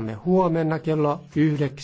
me huomenna kello 9.